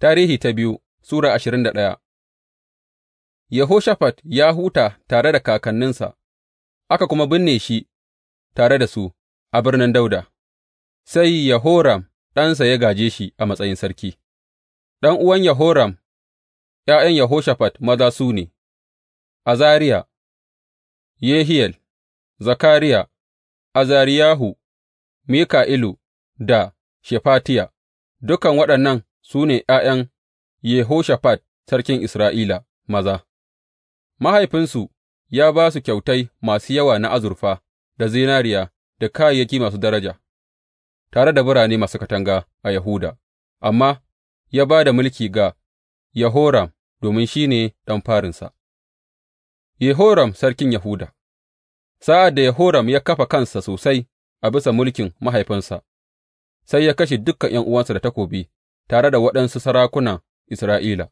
Tarihi ta biyu Sura ashirin da ɗaya. Yehoshafat ya huta tare da kakanninsa, aka kuma binne shi tare da su a birnin Dauda. sai Yehoram ɗansa ya gaje shi a matsayin sarki. Ɗan uwan Yehoram, ’ya'yan Yehoshafat maza su ne, Azariya, Yehiyel, Zakariya, Azariyahu, Mika'ilu da Shefatiya, dukan waɗannan su ne ’ya'yan Yehoshafat sarkin Isra'ila maza, mahaifinsu ya ba su kyautai masu yawa na azurfa da zinariya da kayayyaki masu daraja, tare da birane masu katanga a Yahuda, amma ya ba da mulki ga Yehoram domin shi ne ɗan farinsa. Yehoram sarkin Yahuda Sa'ad da Yehoram ya kafa kansa sosai a bisa mulkin mahaifinsa, sai ya kashe dukan ’yan'uwansa da takobi. tare da waɗansu sarakunan Isra'ila.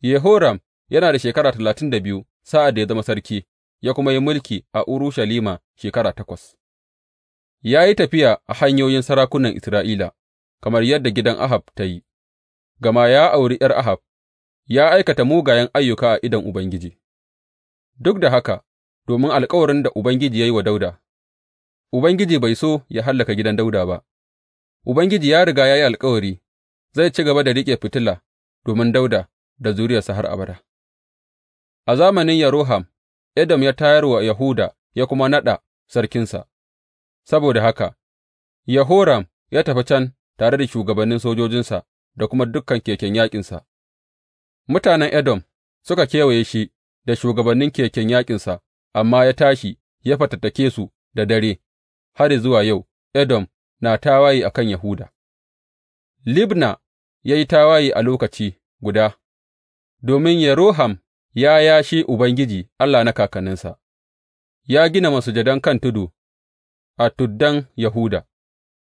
Yehoram yana da shekara talatin da biyu sa'ad da ya zama sarki, ya kuma yi mulki a Urushalima shekara takwas. Ya yi tafiya a hanyoyin sarakunan Isra'ila, kamar yadda gidan Ahab ta yi, gama ya auri ’yar Ahab, ya aikata mugayen ayyuka a idon Ubangiji. Duk da haka, domin alkawarin da Ubangiji ya yi wa Dauda, Ubangiji bai so ya hallaka gidan Dauda ba, Ubangiji ya riga ya yi alkawari zai ci gaba da riƙe fitila domin dauda da zuriyarsa har abada. A zamanin Yeroham, Edom ya tayar wa Yahuda ya kuma naɗa sarkinsa, saboda haka, Yehoram ya tafi can tare da shugabannin sojojinsa da kuma dukan keken yaƙinsa. Mutanen Edom suka kewaye shi da shugabannin keken yaƙinsa, amma ya tashi ya fatattake su da dare, har zuwa yau Edom na tawaye a kan Yahuda. Libna ya yi tawaye a lokaci guda, domin Yeroham ya yashe Ubangiji Allah na kakanninsa, ya gina masujadan kan tudu a tuddan Yahuda,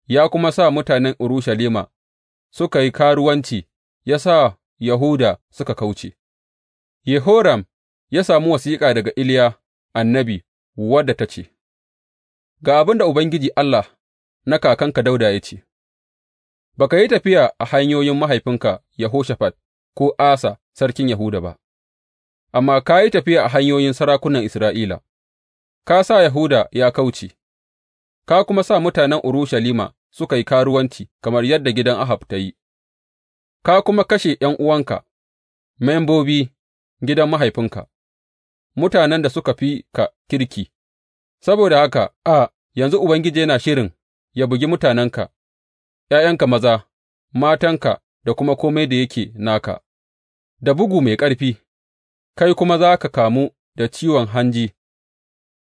ya kuma sa mutanen Urushalima suka yi karuwanci, ya sa Yahuda suka kauce. Yehoram ya samu wasiƙa daga Iliya annabi wadda ta ce, Ga abin da Ubangiji Allah na kakanka Dauda ya ce. ba ka yi tafiya a hanyoyin mahaifinka Yehoshafat ko Asa sarkin Yahuda ba, amma ka yi tafiya a hanyoyin sarakunan Isra'ila, ka sa Yahuda ya kauce, ka kuma sa mutanen Urushalima suka yi karuwanci kamar yadda gidan Ahab ta yi, ka kuma kashe 'yan uwanka membobi gidan mahaifinka, mutanen da suka fi ka kirki, saboda haka a yanzu Ubangiji yana shirin ya bugi mutanenka. ’ya'yanka maza, matanka da kuma kome da yake naka, da bugu mai ƙarfi, kai kuma za ka kamu da ciwon hanji,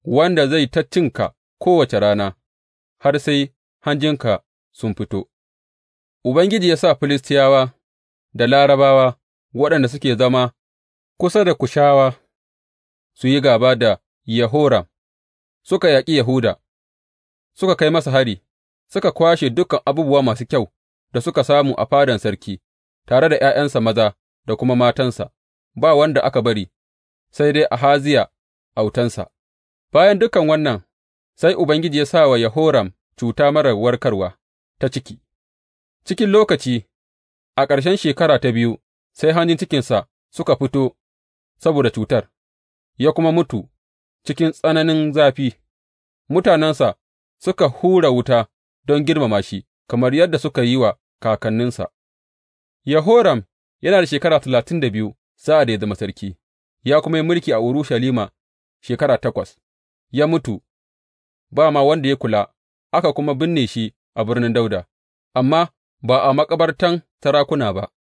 wanda zai ta cinka kowace rana, har sai hanjinka sun fito. Ubangiji ya sa Filistiyawa da Larabawa waɗanda suke zama kusa da Kushawa su yi gaba da Yehoram, suka yaƙi Yahuda, suka kai masa hari. suka kwashe dukan abubuwa masu kyau da suka samu a fadan sarki, tare da ’ya'yansa maza da kuma matansa, ba wanda aka bari, sai dai Ahaziya autansa. Bayan dukan wannan, sai Ubangiji ya sa wa Yehoram cuta marar warkarwa ta ciki, cikin lokaci, a ƙarshen shekara ta biyu, sai hanjin cikinsa suka fito saboda cutar, ya kuma mutu cikin tsananin zafi, mutanensa suka hura wuta don girmama shi, kamar yadda suka yi wa kakanninsa. Yehoram yana da shekara talatin da biyu sa'ad da ya zama sarki, ya kuma yi mulki a Urushalima shekara takwas, ya mutu, ba ma wanda ya kula, aka kuma binne shi a birnin Dauda. amma ba a makabartan sarakuna ba.